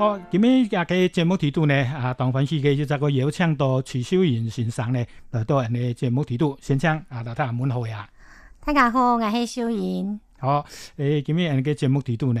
好，今日嘅節目提督呢，啊，唐粉書記就一我邀請到徐秀英先生呢來到人嘅節目提督現場，啊，大家好，你好呀，大家好，我係秀英，好，誒、欸，今日人嘅節目提督呢？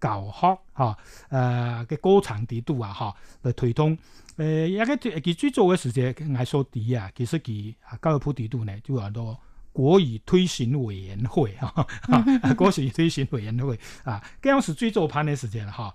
教學嚇，誒、哦，嘅、呃、高層領導啊嚇，嚟推動誒、呃、一個佢最早嘅時節嗌收地啊，其實佢教育部提度呢，就係叫做國語推行委員會嚇，國語推行委員會， 啊，咁樣、 啊、是最早辦嘅時節啦嚇。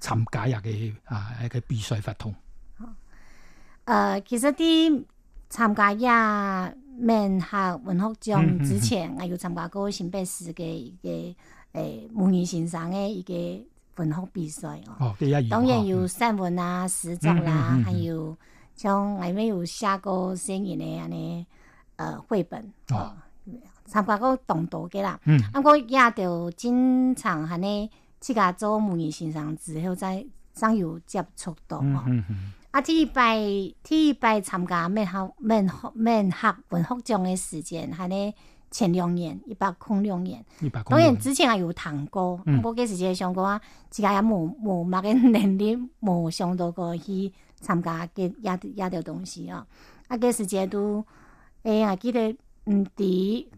參加入嘅啊一、啊這個比賽活動，誒、嗯嗯嗯，其實啲參加入閩客文學獎之前，我有參加過新北市嘅一個誒，吳儀先生嘅一個文學比賽、啊、哦。哦，當然有散文啦、啊、詩、嗯、作啦、啊嗯嗯，還有像裏面有下過聲音嘅呢，誒、呃，繪本參、哦嗯嗯、加動嘅啦。嗯，我也經常呢。去個做母嬰新生之後，在上有接觸到哦、嗯嗯嗯。啊，第一擺，第一擺參加咩學咩學咩學文學獎的時間，喺咧前兩年，一百空兩年。當然之前啊有談過，毋過給時間想過啊，自噶也無無冇個能力，冇想到過去參加給壓壓掉東西哦。啊，給時間都哎呀，記得唔止。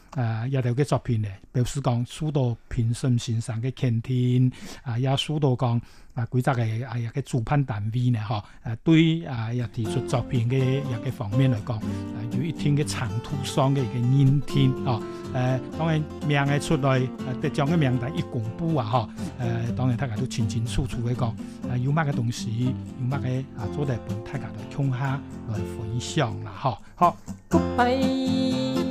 誒、啊、有條嘅作品咧，表示講，許多評審先生嘅傾聽，啊也許多講，啊幾十個嘅啊一個主判單位呢，嚇，啊，對，啊一提出作品嘅一個方面嚟講，啊，有一定嘅長途上嘅個聆聽，啊啊，當然名嘅出來，啊、得獎嘅名單一公布啊，嚇，啊，當然大家都清清楚楚嚟講，啊，有乜嘅東西，有乜嘅，啊，做嚟俾大家嚟共享啦嚇，好 g o o